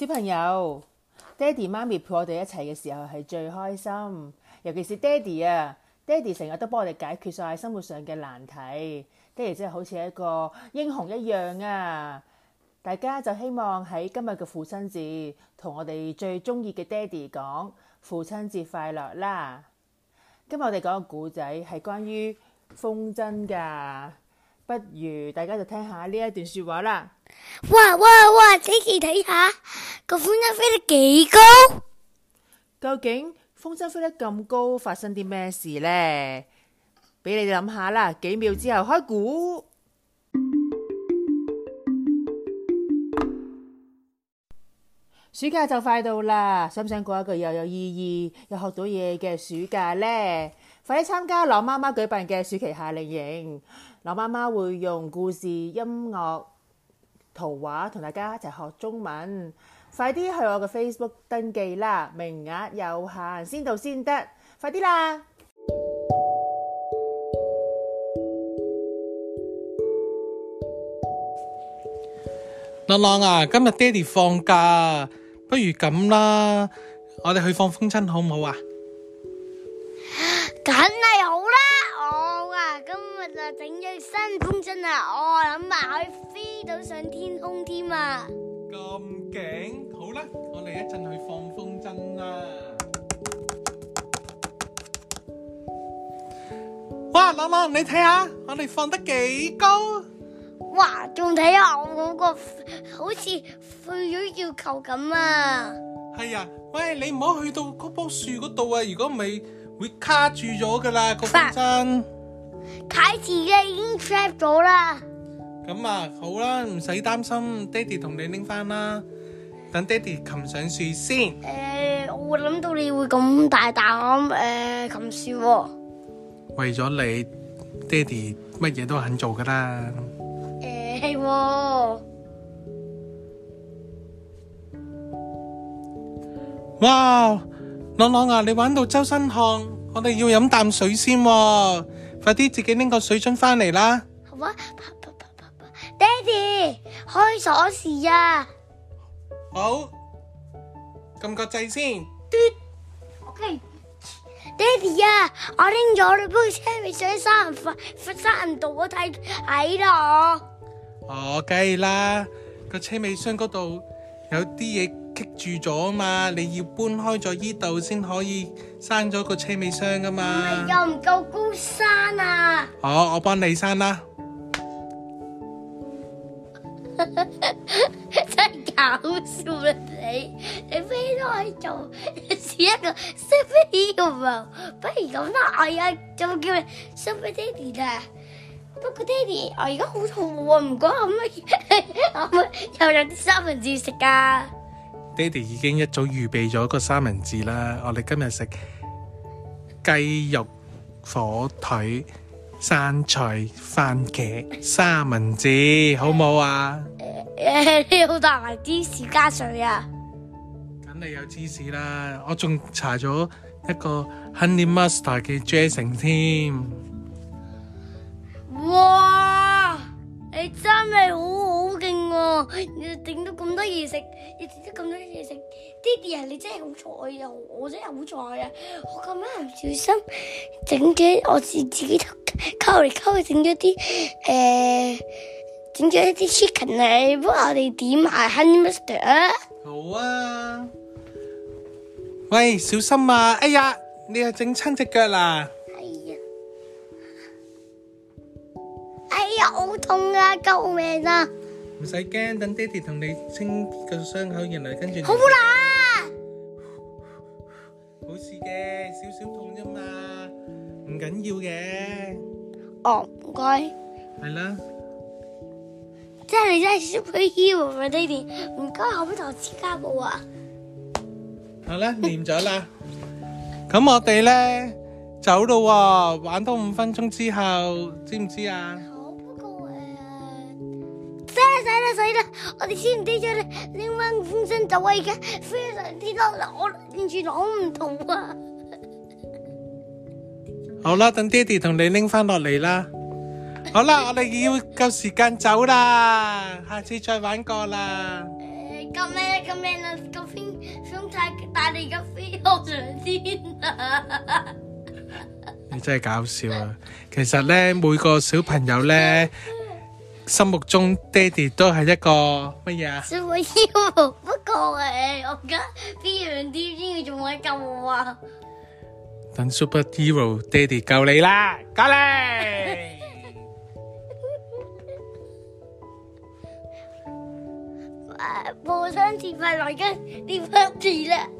小朋友，爹哋媽咪陪我哋一齊嘅時候係最開心，尤其是爹哋啊，爹哋成日都幫我哋解決晒生活上嘅難題，爹哋真係好似一個英雄一樣啊！大家就希望喺今日嘅父親節，同我哋最中意嘅爹哋講父親節快樂啦！今日我哋講個故仔係關於風箏噶，不如大家就聽下呢一段說話啦。哇哇哇！仔細睇下。個風箏飛得幾高？究竟風箏飛得咁高，發生啲咩事呢？俾你哋諗下啦，幾秒之後開估。暑假就快到啦，想唔想過一個又有意義又學到嘢嘅暑假呢？快啲參加老媽媽舉辦嘅暑期夏令營。老媽媽會用故事、音樂、圖畫同大家一齊學中文。快啲去我個 Facebook 登記啦，名額有限，先到先得，快啲啦！浪浪啊，今日爹哋放假，不如咁啦，我哋去放風箏好唔好啊？梗係好啦，我啊今日就整咗新風箏啊，我諗啊可以飛到上天空添啊！咁勁，好啦，我哋一陣去放風箏啦！哇，奶奶，你睇下我哋放得幾高！哇，仲睇下我嗰、那個好似飛咗要求咁啊！係、哎、啊，喂，你唔好去到嗰棵樹嗰度啊！如果唔係會卡住咗噶啦，個風箏。睇住佢已經甩咗啦。咁啊，好啦，唔使擔心，爹哋同你拎翻啦。等爹哋擒上樹先。誒，我會諗到你會咁大膽誒，擒樹。為咗你，爹哋乜嘢都肯做噶啦。誒，係喎。哇，朗朗啊，你玩到周身汗，我哋要飲啖水先。快啲自己拎個水樽翻嚟啦。好啊。爹哋，開鎖匙啊！好，撳個掣先。O K，爹哋啊，我拎咗你部車尾箱生唔翻，閂唔到，太矮啦我。哦，梗係啦，個車尾箱嗰度有啲嘢棘住咗嘛，你要搬開咗呢度先可以閂咗個車尾箱噶嘛。又唔夠高閂啊！好，我幫你閂啦。就 食一個雪碧喎，不過而家我阿爺就叫食俾爹哋啦。不過爹哋，我而家好肚餓啊，唔該可唔可以，可唔可以又有啲三文治食噶。爹哋已經一早預備咗個三文治啦，我哋今日食雞肉火腿生菜番茄三文治，好唔好啊？你 好大迷芝士加水啊？你有芝士啦，我仲查咗一個 Honey Mustard 嘅醬成添。哇！你真係好好勁喎，你整咗咁多嘢食，你整咗咁多嘢食，爹哋啊，你真係好菜啊，我真係好菜啊！我咁樣唔小心整咗，我自自己溝嚟溝去整咗啲誒，整咗一啲 chicken，你幫我哋點下 Honey Mustard 啊！好啊。喂，小心啊！哎呀，你又整親隻腳啦！哎呀！哎呀，好痛啊！救命啊！唔使驚，等爹哋同你清個傷口，然後跟住好啦，冇事嘅，少少痛啫嘛，唔緊要嘅。哦，唔該。係啦。真係你真係 Super Hero，我啊爹哋，唔該好唔好嘈住家冇啊？好啦，念咗啦。咁我哋咧走咯，玩到五分鐘之後，知唔知啊？好不過誒，使啦使啦使啦，我哋先唔知，再拎翻風箏走啊！而家非常之多，我完全攞唔到啊。好啦，等爹哋同你拎翻落嚟啦。好啦，我哋要夠時間走啦。下次再玩過啦。誒，夠咩啊？夠咩啊？夠飛風彩。但你而家飛咗上天啊！你真係搞笑啊！其實咧，每個小朋友咧，心目中爹哋都係一個乜嘢啊？superhero，不過誒，我而家飛上天都要做咩救啊？等 superhero 爹哋救你啦，家咧，父親節快樂個地方地啦～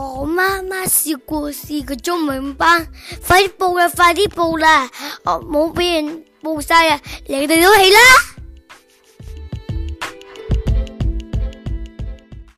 我媽媽故事嘅中文班，快啲報啦！快啲報啦！冇俾人報晒呀！你哋都起啦！